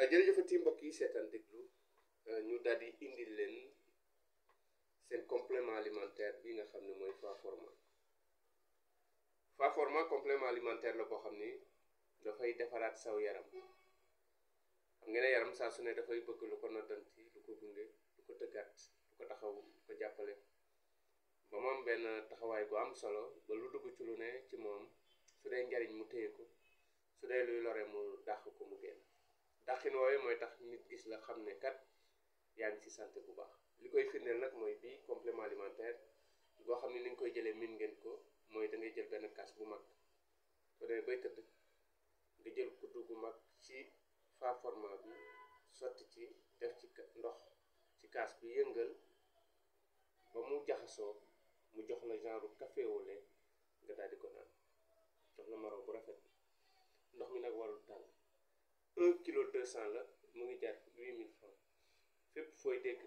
Euh, jërëjëfati mbokk yi seetaan déglu euh, ñu daal di leen seen complement alimentaire bii nga xam ne mooy Faforma Faforma complément alimentaire la boo xam ni dafay defaraat saw yaram xam nga ne yaram saa su ne dafay bëgg lu ko noddanti lu ko gunge lu ko tëggaat lu ko taxaw lu ko jàppale ba mu am benn taxawaay bu am solo ba lu dugg ci lu ne ci moom su dee njariñ mu téye ko su dee luy lore mu dàq ko mu génn dàqin woowee mooy tax nit gis la xam ne kat yaa ngi ci santé bu baax li koy firndeel nag mooy bii complement alimentaire boo xam ne ni nga koy jëlee min ngeen ko mooy da ngay jël benn kaas bu mag soo demee bay tëdd nga jël gu mag ci fa bi sotti ci def ci ndox ci kaas bi yëngal ba mu jaxasoo mu jox la genre café au nga daal di ko naan jox la maro bu rafet. un kilo deux cent la mu ngi jar huit mille francs fépp fooy dégg